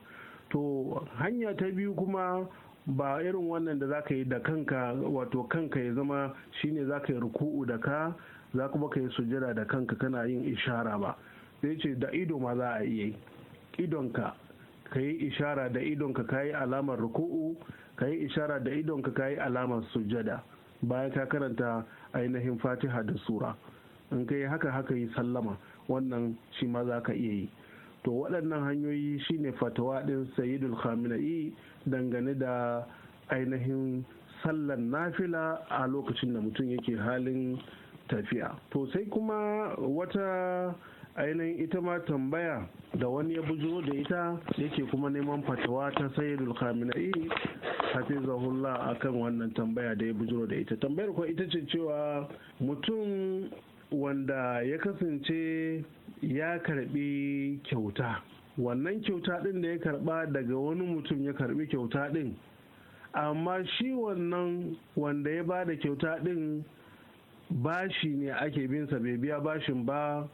to hanya ta biyu kuma ba irin wannan da zaka yi da kanka wato kanka ya zama shine zaka yi ruku'u da ka za kuma ka yi sujada da kanka kana yin ishara ba sai ce da ido ma za a iya yi idonka ka yi ishara da idonka ka yi alamar ruku'u ka yi ishara da idonka ka yi alamar sujada bayan ka karanta ainihin fatiha da sura in ka yi haka haka yi sallama wannan shi ma za ka iya yi to waɗannan hanyoyi shine fatawa ɗin sayidul khamenei dangane da ainihin sallan nafila a lokacin da mutum yake halin tafiya to sai kuma wata ainihin ita ma tambaya da wani ya bujo da ita yake kuma neman fatawa ta sayyidul khamina'i hafizahullah kan wannan tambaya da ya bujo da ita tambayar kuwa ita ce cewa mutum wanda ya kasance ya karbi kyauta wannan kyauta din da ya karba daga wani mutum ya karbi kyauta din amma shi wannan wanda ya ba da kyauta din bashi ne ake sa, bai biya bashin ba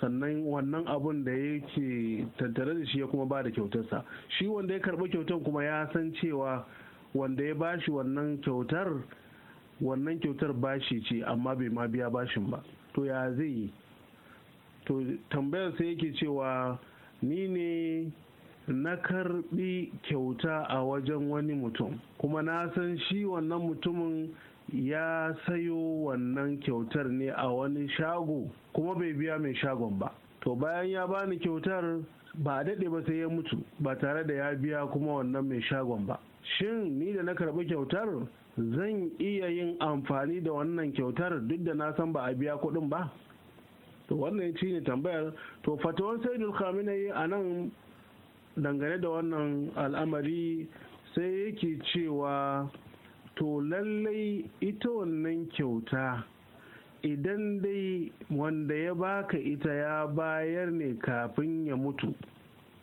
sannan wannan abun da yake tattare da shi ya kuma ba da kyautarsa shi wanda ya karɓi kyautar kuma ya san cewa wanda ya bashi wannan kyautar wannan kyautar bashi ce amma bai ma biya bashin ba to ya zai yi to tambayar sai yake cewa ni ne na karɓi kyauta a wajen wani mutum kuma na san shi wannan mutumin ya sayo wannan kyautar ne a wani shago kuma bai biya mai shagon ba to bayan ya bani kyautar ba a daɗe ba sai ya mutu ba tare da ya biya kuma wannan mai shagon ba shin ni da na karɓi kyautar zan iya yin amfani da wannan kyautar duk da na san ba a biya kuɗin ba to wannan shi ne tambayar to fatawan saidul yi a nan dangane da wannan al'amari sai yake cewa to lallai ita wannan kyauta idan dai wanda ya baka ita ya bayar ne kafin ya mutu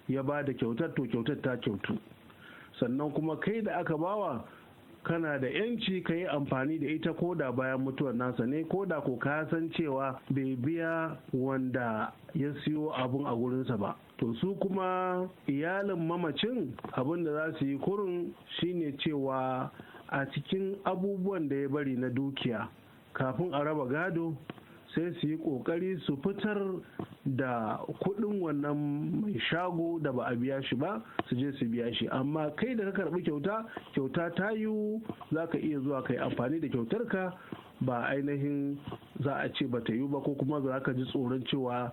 ya ba da kyautar to kyautar ta kyautu sannan kuma kai da aka bawa kana da yanci ka yi amfani da ita ko da bayan mutuwar nasa ne ko da ko ka san cewa bai biya wanda ya siyo abun a gurinsa ba to su kuma iyalin mamacin abin da za su yi kurin shine cewa a cikin abubuwan da ya bari na dukiya kafin a raba gado sai su yi kokari su fitar da kuɗin wannan mai shago da ba a biya shi ba su je su biya shi amma kai da ka karɓi kyauta kyauta ta yiwu za ka iya zuwa kai amfani da kyautar ka ba ainihin za a ce ba ta yiwu ba ko kuma za ka ji tsoron cewa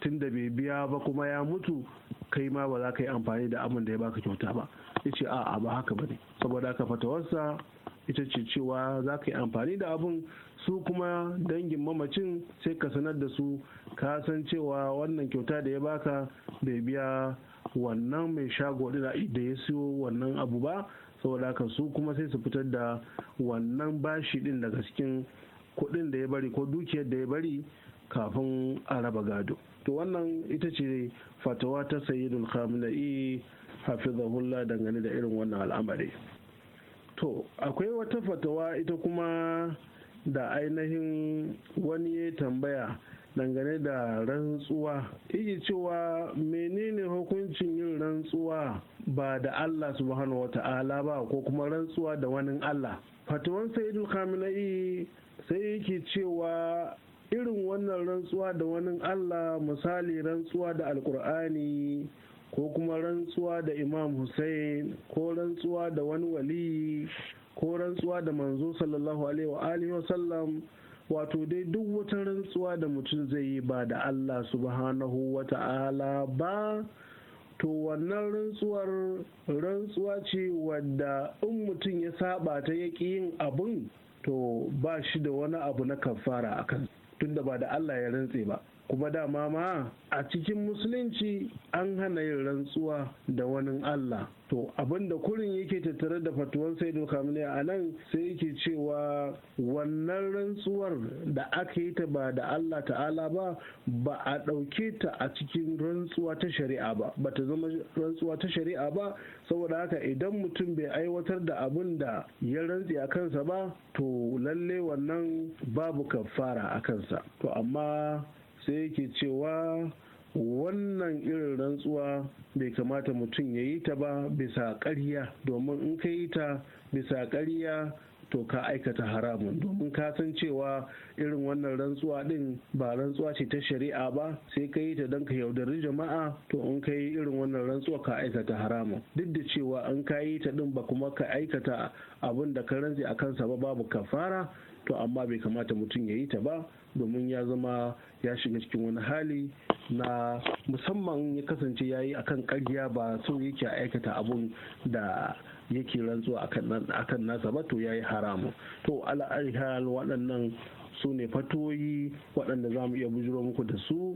tun da bai biya ba kuma ya mutu kai ma ba za ka yi amfani da abin da ya baka kyauta ba ya ce a'a ba haka ba ne saboda haka fatawarsa ita ce cewa za ka yi amfani da abun su kuma dangin mamacin sai ka sanar da su ka san cewa wannan kyauta da ya baka bai biya wannan mai shago da ya siyo wannan abu ba saboda haka su kuma sai su fitar da wannan bashi din daga cikin kuɗin da ya bari ko dukiyar da ya bari kafin a raba gado to wannan ita ce fatawa ta sayyidul khamenei hafizahullah dangane da irin wannan al'amari to akwai wata fatawa ita kuma da ainihin wani ya tambaya dangane da rantsuwa iji cewa menene hukuncin yin rantsuwa ba da Allah subhanahu wa ta'ala ba ko kuma rantsuwa da wani Allah fatawan sayyidul kamilai sai yake cewa irin wannan rantsuwa da wani Allah misali rantsuwa da alkur'ani ko kuma rantsuwa da imam hussein ko rantsuwa da wani wali, ko rantsuwa da manzo sallallahu alaihi wa alihi wato dai duk wata rantsuwa da mutum zai yi ba da allah subhanahu wa ta'ala ba to wannan rantsuwar rantsuwa ce wadda in mutum ya saba ta yaki yin abin to ba shi da wani abu na kafara akan tunda ba da allah ya rantse ba kuma dama ma a cikin musulunci an hana yin rantsuwa da wani Allah to abinda kurin yake tattare da fatuwan saidul kamuni a nan sai yake cewa wannan rantsuwar da aka yi ta ba da Allah ta'ala ba ba a ɗauke ta a cikin rantsuwa ta shari'a ba ba ta zama rantsuwa ta shari'a ba saboda haka idan mutum bai aiwatar da abin da ya rantsi a kansa ba to lalle wannan babu kafara a kansa to amma sai yake cewa wannan irin rantsuwa bai kamata mutum ya yi ta ba bisa ƙarya domin in ka yi ta bisa ƙarya to ka aikata haramun domin ka san cewa irin wannan rantsuwa din ba rantsuwa ce ta shari'a ba sai ka yi ta don ka yaudari jama'a to in ka yi irin wannan rantsuwa ka aikata haramun duk da cewa in ka yi ta din ba kuma ka aikata abin da ka rantse a kansa ba babu kafara to amma bai kamata mutum ya yi ta ba domin ya zama ya shiga cikin wani hali na musamman ya kasance ya yi akan karya ba so yake aikata abun da yake rantsuwa akan nasa ba to ya yi haramu to ala'arihal waɗannan su ne fatoyi waɗanda za mu iya bujiro muku da su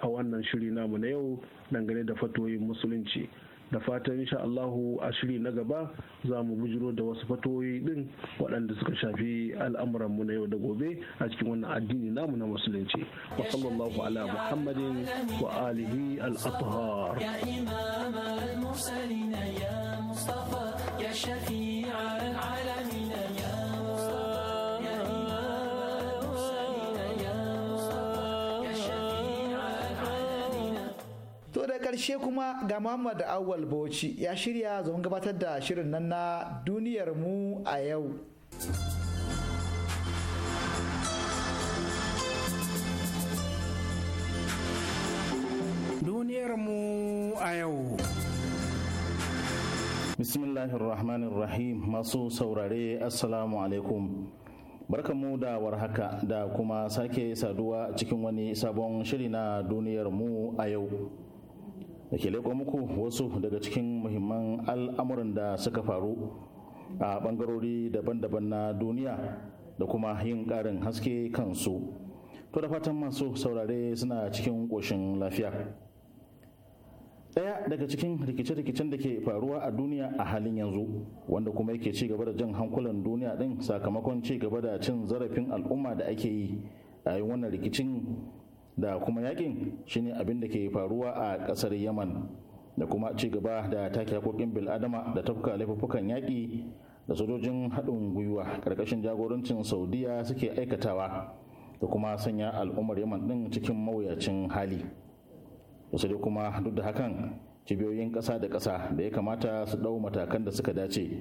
a wannan shiri namu na yau dangane da fatoyin musulunci da fatan insha Allahu a shiri na gaba za mu bujiro da wasu fatoyi din waɗanda suka shafi al'amuran mu na yau da gobe a cikin wannan addini namu na musulunci wa sallallahu ala muhammadin wa alihi al-athhar ya imam al-mursalin ya mustafa ya shafi'a al Karshe kuma ga Muhammad Awal Bauchi ya shirya zaman gabatar da shirin nan na duniyar mu a yau. Duniyar mu a yau. rahmanir rahim masu saurare Assalamu alaikum. Barkanmu da warhaka da kuma sake saduwa cikin wani sabon shiri na duniyar mu a yau. da ke leƙo muku wasu daga cikin muhimman al'amuran da suka faru a ɓangarori daban-daban na duniya da kuma yin ƙarin haske kansu to da fatan masu saurare suna cikin ƙoshin lafiya ɗaya daga cikin rikice-rikicen da ke faruwa a duniya a halin yanzu wanda kuma yake ci gaba da jan hankulan duniya ɗin sakamakon ci gaba da cin zarafin al'umma da ake yi a yi wannan rikicin da kuma yakin shine abin da ke faruwa a kasar yaman da kuma ci gaba da take hakokin bil'adama da tafka laifuffukan yaƙi da sojojin haɗin gwiwa ƙarƙashin jagorancin saudiya suke aikatawa da kuma sanya al'ummar yaman ɗin cikin mawuyacin hali wasu dai kuma duk da hakan cibiyoyin ƙasa da ƙasa da ya kamata su ɗau matakan da suka dace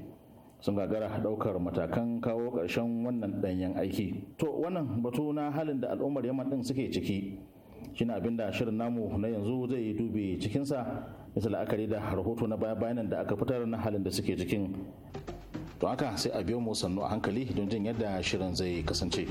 sun gagara ɗaukar matakan kawo ƙarshen wannan ɗanyen aiki to wannan batu na halin da al'ummar yaman ɗin suke ciki shine abinda shirin namu na yanzu zai yi dubi cikinsa bisa la'akari da rahoto na baya bayanan da aka fitar na halin da suke cikin to haka sai a biyo mu sannu a hankali don jin yadda shirin zai kasance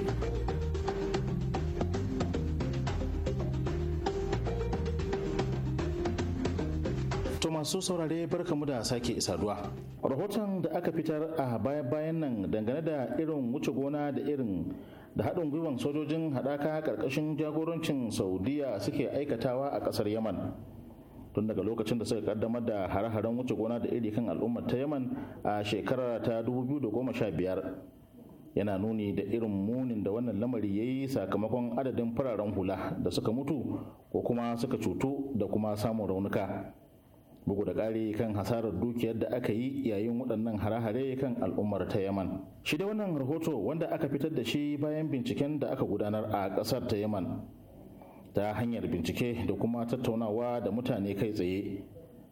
to masu saurare barkamu da sake isaduwa Rahoton da aka fitar a baya-bayan nan dangane da irin wuce gona da irin da haɗin gwiwan sojojin haɗaka ƙarƙashin jagorancin saudiya suke aikatawa a ƙasar yaman tun daga lokacin da suka kaddamar da hare-haren wuce gona da iri kan al'ummar ta yaman a shekara ta 2015 yana nuni da irin munin da wannan lamari ya yi sakamakon adadin fararen hula da suka mutu ko kuma suka cutu da kuma samun raunuka bugu da ƙari kan hasarar dukiyar da aka yi yayin waɗannan hare-hare kan al'ummar ta yaman shi da wannan rahoto wanda aka fitar da shi bayan binciken da aka gudanar a ƙasar ta yaman ta hanyar bincike da kuma tattaunawa da mutane kai tsaye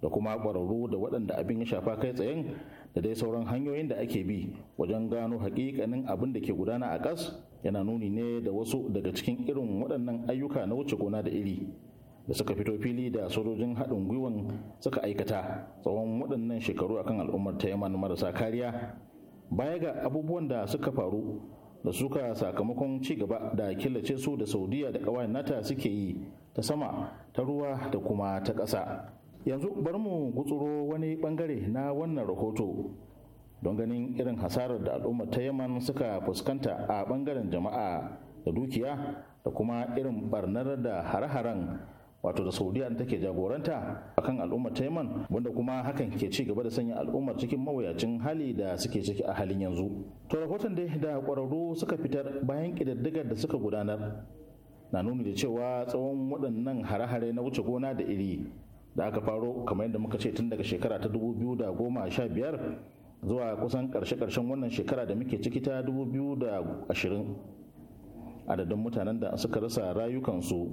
da kuma ƙwararru da waɗanda abin ya shafa kai tsayen da dai sauran hanyoyin da ake bi wajen gano haƙiƙanin abin da ke gudana a ƙas yana nuni ne da wasu daga cikin irin waɗannan ayyuka na wuce gona da iri da suka fito fili da sojojin haɗin gwiwan suka aikata tsawon waɗannan shekaru akan al'ummar ta yaman marasa kariya baya ga abubuwan da suka faru da suka sakamakon ci gaba da killace su da saudiya da ƙawayen nata suke yi ta sama ta ruwa da kuma ta ƙasa yanzu bari mu gutsuro wani bangare na wannan rahoto don ganin irin hasarar da al'ummar ta yaman suka fuskanta a bangaren jama'a da dukiya da kuma irin barnar da hare-haren wato da saudiya take jagoranta akan al'ummar taiman wanda kuma hakan ke ci gaba da sanya al'ummar cikin mawuyacin hali da suke ciki a halin yanzu to rahoton da da kwararru suka fitar bayan kididdigar da suka gudanar na nuni da cewa tsawon waɗannan hare-hare na wuce gona da iri da aka faro kamar yadda muka ce tun daga shekara ta dubu biyu da goma sha biyar zuwa kusan karshe-karshen wannan shekara da muke ciki ta dubu biyu da ashirin adadin mutanen da suka rasa rayukansu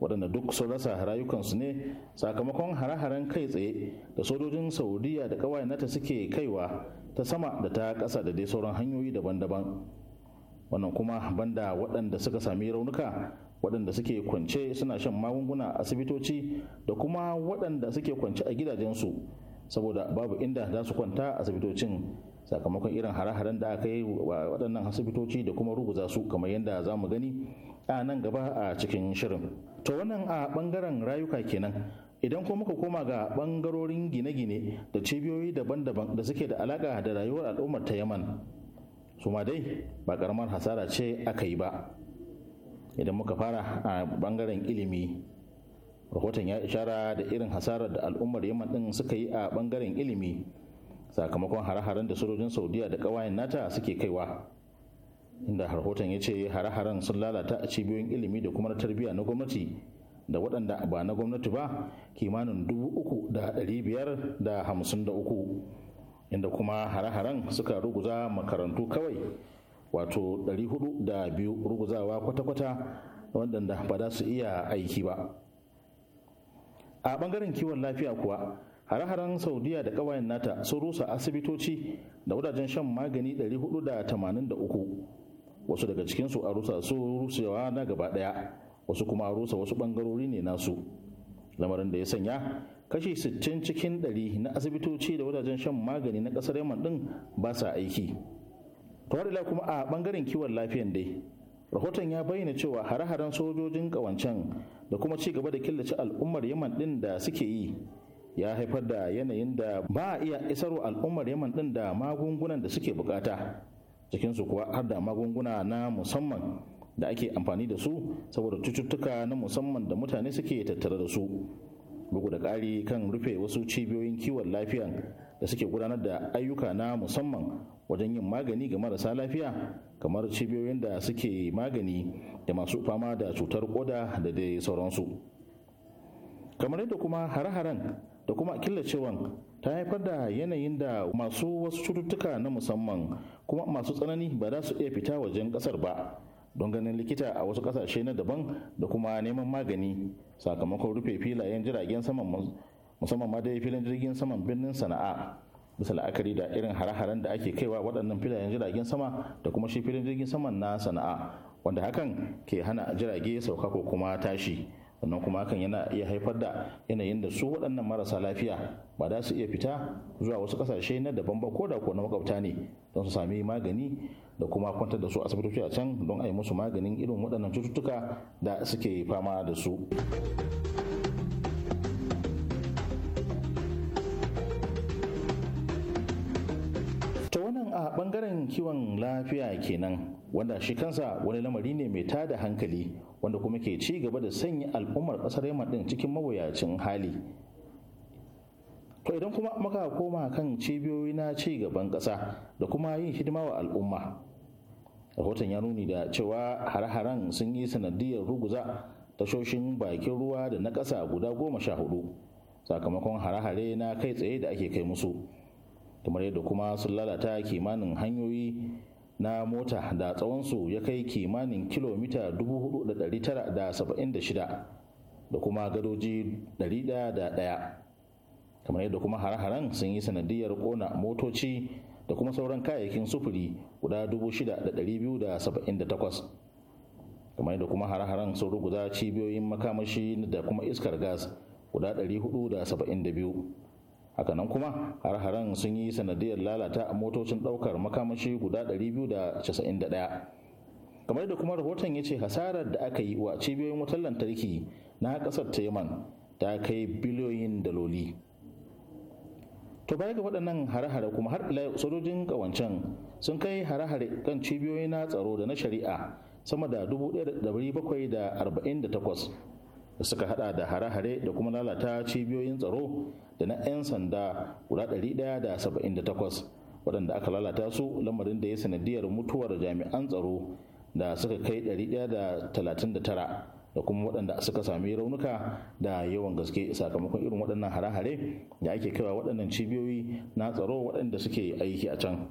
waɗanda duk sun rasa rayukansu ne sakamakon hare-haren kai tsaye da sojojin saudiya da kawai nata suke kaiwa ta sama da ta ƙasa da dai sauran hanyoyi daban-daban wannan kuma banda waɗanda suka sami raunuka waɗanda suke kwance suna shan magunguna asibitoci da kuma waɗanda suke kwance a gidajensu saboda babu inda za su kwanta asibitocin sakamakon irin hare-haren da aka yi waɗannan asibitoci da kuma ruguza su kamar yadda za mu gani a nan gaba a cikin shirin to wannan a bangaren rayuka kenan idan ko muka koma ga bangarorin gine-gine da cibiyoyi daban-daban da suke da alaka da rayuwar al'ummar ta yaman su ma dai ba karamar hasara ce aka yi ba idan muka fara a bangaren ilimi rahoton ya ishara da irin hasarar da al'ummar yaman din suka yi a bangaren ilimi sakamakon hare-haren da sojojin saudiya da ƙawayen nata suke kaiwa inda rahoton ya ce hare-haren sun lalata a cibiyoyin ilimi da kuma tarbiyya na gwamnati da waɗanda ba na gwamnati ba kimanin dubu uku da ɗari biyar da hamsin da uku inda kuma hare-haren suka ruguza makarantu kawai wato ɗari hudu da biyu ruguzawa kwata-kwata waɗanda ba za su iya aiki ba a ɓangaren kiwon lafiya kuwa hare-haren saudiya da ƙawayen nata sun rusa asibitoci da wadajen shan magani 483 wasu daga cikinsu a rusa su rusewa na gaba daya wasu kuma a rusa wasu bangarori ne nasu lamarin da ya sanya kashi 60 cikin 100 na asibitoci da wajajen shan magani na kasar yaman din ba sa aiki ila kuma a bangaren kiwon lafiyan dai rahoton ya bayyana cewa hare-haren sojojin kawancen da kuma ci gaba da killace al'ummar yaman din da suke yi ya haifar da yanayin da ba a iya isarwa al'ummar yaman din da magungunan da suke bukata cikinsu kuwa har da magunguna na musamman da ake amfani da su saboda cututtuka na musamman da mutane suke tattare da su bugu da ƙari kan rufe wasu cibiyoyin kiwon lafiya da suke gudanar da ayyuka na musamman wajen yin magani ga marasa lafiya kamar cibiyoyin da suke magani da masu fama da cutar koda da dai sauransu kamar yadda kuma hare-haren da kuma killacewan ta haifar da yanayin da masu wasu cututtuka na musamman kuma masu tsanani ba za su iya fita wajen kasar ba don ganin likita a wasu kasashe na daban da kuma neman magani sakamakon rufe filayen jiragen saman musamman ma dai filin jirgin saman birnin sana'a bisa la'akari da irin hare-haren da ake kaiwa waɗannan filayen jiragen sama da kuma shi filin jirgin saman na sana'a wanda hakan ke hana jirage sauka ko kuma tashi sannan kuma hakan yana iya haifar da yanayin da su waɗannan marasa lafiya ba za su iya fita zuwa wasu ƙasashe na daban ba ko da ko na makwabta ne don su sami magani da kuma kwantar da su asibitoci a can don a yi musu maganin irin waɗannan cututtuka da suke fama da su. ta wannan a ɓangaren kiwon lafiya kenan wanda shi kansa wani lamari ne mai tada hankali wanda kuma ke ci gaba da sanya al'ummar ƙasar yaman din cikin mawuyacin hali to idan kuma muka koma kan cibiyoyi na ci gaban kasa da kuma yin hidima wa al'umma rahoton ya nuni da cewa har-haren sun yi sanadiyar ruguza tashoshin bakin ruwa da na ƙasa guda goma sha hudu sakamakon hare-hare na kai tsaye da ake kai musu kamar yadda kuma sun lalata kimanin hanyoyi na mota da tsawonsu ya kai kimanin kilomita 4,976 da kuma gadoji 101 kamar yadda kuma hare-haren sun yi sanadiyar kona motoci da kuma sauran kayayyakin sufuri guda 6,278 kamar yadda kuma hare-haren sun ruguza cibiyoyin makamashi da kuma iskar gas guda 472 hakanan kuma har-haren sun yi sanadiyar lalata a motocin daukar makamashi guda 291 kamar da kuma rahoton ya ce hasarar da aka yi wa cibiyoyin wutar lantarki na kasar yaman ta kai biliyoyin daloli to baya ga waɗannan hare-hare kuma har ila sojojin kawancen sun kai hare-hare kan cibiyoyi na tsaro da na shari'a sama da 1748 da suka hada da hare-hare da kuma lalata cibiyoyin tsaro da na 'yan sanda guda 178 waɗanda aka lalata su lamarin da ya sanadiyar mutuwar jami'an tsaro da suka kai 139 da kuma waɗanda suka sami raunuka da yawan gaske sakamakon irin waɗannan hare-hare da ake kaiwa waɗannan cibiyoyi na tsaro waɗanda suke aiki a can.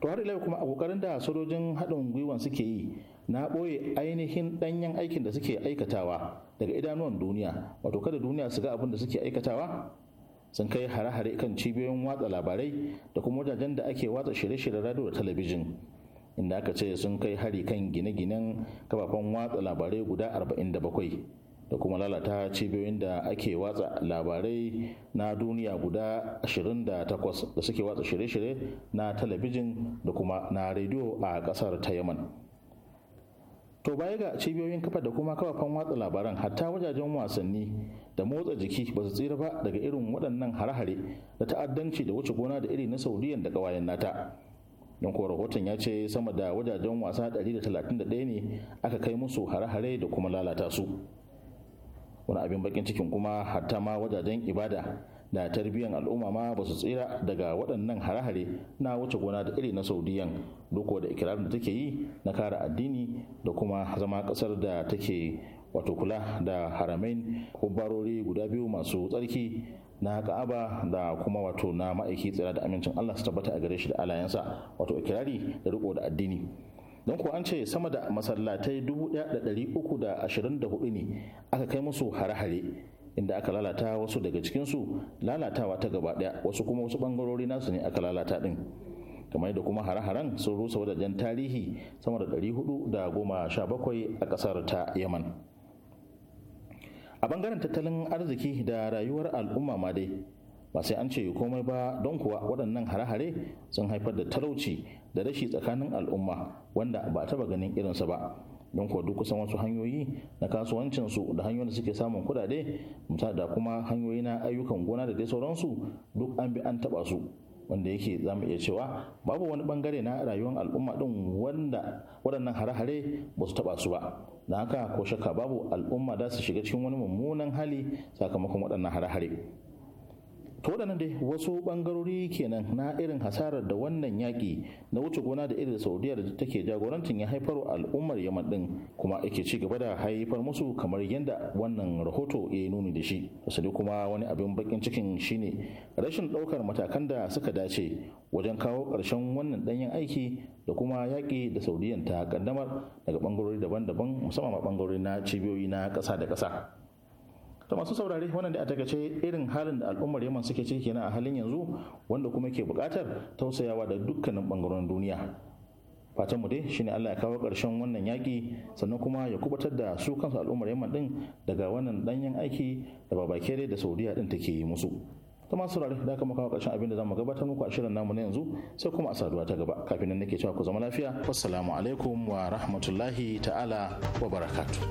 to har kuma a kokarin da sojojin haɗin gwiwan suke yi na ɓoye ainihin ɗanyen aikin da suke aikatawa daga idanuwan duniya wato kada duniya su ga abin da suke aikatawa sun kai hare-hare kan cibiyoyin watsa labarai da kuma wajajen da ake watsa shirye-shiryen radio da talabijin inda aka ce sun kai hari kan gine-ginen kafafen watsa labarai guda 47 da kuma lalata cibiyoyin da ake watsa labarai na duniya guda 28 da suke watsa shirye-shirye na talabijin da kuma na rediyo a kasar ta yaman. to baya ga cibiyoyin kafa da kuma kafafen watsa labaran hatta wajajen wasanni da motsa jiki ba su tsira ba daga irin waɗannan hare-hare da ta'addanci da wuce gona da iri na saudiyan da kawayen nata don kuwa rahoton ya ce sama da wajajen wasa 131 ne aka kai musu hare-hare da kuma lalata su wani abin bakin cikin kuma hatta ma wajajen ibada da tarbiyyar al'umma ma ba su tsira daga waɗannan hare-hare na wuce gona da iri na saudiyan duk da ikirarin da take yi na kare addini da kuma zama ƙasar da take wato kula da haramain kubarori guda biyu masu tsarki na ka'aba da kuma wato na ma'aiki tsira da amincin allah su tabbata a gare shi da alayansa wato ikirari da riko da addini don kuwa an ce sama da masallatai 1324 ne aka kai musu hare-hare inda aka lalata wasu daga cikinsu lalatawa ta gaba daya wasu kuma wasu bangarori nasu ne aka lalata din kamar da kuma hare-haren sun rusa wadajen tarihi sama da 417 a kasar ta yaman a bangaren tattalin arziki da rayuwar al'umma ma dai ba sai an ce komai ba don kuwa waɗannan hare-hare sun haifar da talauci da rashi tsakanin al'umma wanda ba taba ganin irinsa ba don kuwa duk kusan wasu hanyoyi na kasuwancinsu da hanyoyin da suke samun kudade misali da kuma hanyoyi na ayyukan gona da dai sauransu duk an bi an taba su wanda yake za mu iya cewa babu wani bangare na rayuwar al'umma din wanda waɗannan hare-hare ba su taba su ba da haka ko shakka babu al'umma da su shiga cikin wani mummunan hali sakamakon waɗannan hare-hare to waɗannan dai wasu ɓangarori kenan na irin hasarar da wannan yaƙi na wuce gona da irin saudiya da take jagorancin ya haifar wa al'ummar yaman ɗin kuma ake ci gaba da haifar musu kamar yadda wannan rahoto ya yi nuni da shi asali kuma wani abin bakin cikin shine rashin ɗaukar matakan da suka dace wajen kawo ƙarshen wannan ɗanyen aiki da kuma yaƙi da saudiyan ta ƙaddamar daga bangarori daban-daban musamman bangarori na cibiyoyi na ƙasa da ƙasa to masu saurare wannan da a takaice irin halin da al'ummar yaman suke ciki kenan a halin yanzu wanda kuma ke bukatar tausayawa da dukkanin bangaren duniya fatan mu dai shine Allah ya kawo ƙarshen wannan yaki sannan kuma ya kubatar da su kansu al'ummar yaman din daga wannan danyen aiki da babakere da saudiya din take yi musu ta masu saurari da aka kawo ƙarshen abin da zamu gabatar muku a shirin namu na yanzu sai kuma a saduwa ta gaba kafin nan nake cewa ku zama lafiya wassalamu alaikum wa rahmatullahi ta'ala wa barakatuh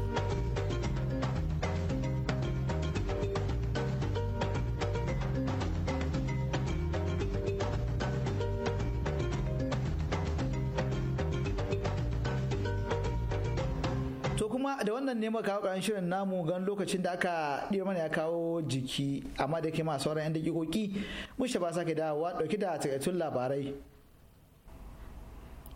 ne ma kawo shirin namu gan lokacin da aka ɗira mana ya kawo jiki amma da ke masu sauran 'yan dakikoki mushe ba sake dawowa ɗauki da takaitun labarai.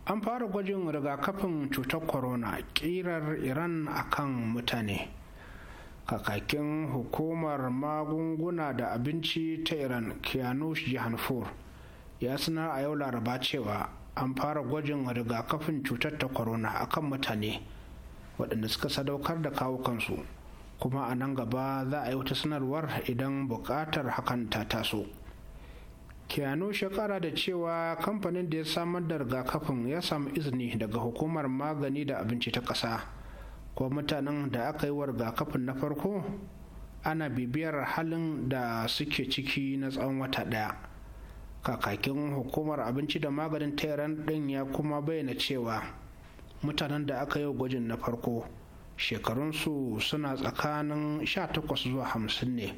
An fara gwajin rigakafin cutar corona ƙirar Iran akan mutane. Kakakin hukumar magunguna da abinci ta Iran Kianush Jahanfur ya sanar a yau laraba cewa an fara gwajin rigakafin cutar ta corona akan mutane. waɗanda suka sadaukar da kawo kansu kuma a nan gaba za a yi wata sanarwar idan buƙatar hakan ta taso kiyano shekara da cewa kamfanin da ya samar da rigakafin ya samu izini daga hukumar magani da abinci ta ƙasa ko mutanen da aka yi wa rigakafin na farko ana bibiyar halin da suke ciki na tsawon wata ɗaya kakakin hukumar abinci da maganin ta ɗin ya kuma bayyana cewa mutanen da aka yi gwajin na farko shekarunsu suna tsakanin 18 zuwa 50 ne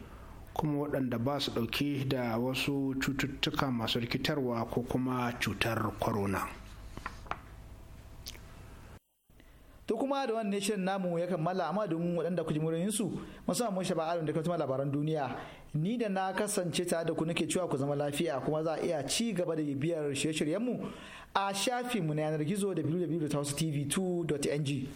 kuma waɗanda ba su ɗauke da wasu cututtuka masu rikitarwa ko kuma cutar corona. to kuma da wannan shirin namu ya kammala amma domin waɗanda ku ji su musamman shaba alun da kuma labaran duniya ni da na kasance tare da ku nake cewa ku zama lafiya kuma za a iya ci gaba da bibiyar shirye-shiryenmu a shafinmu na yanar gizo www.tv2.ng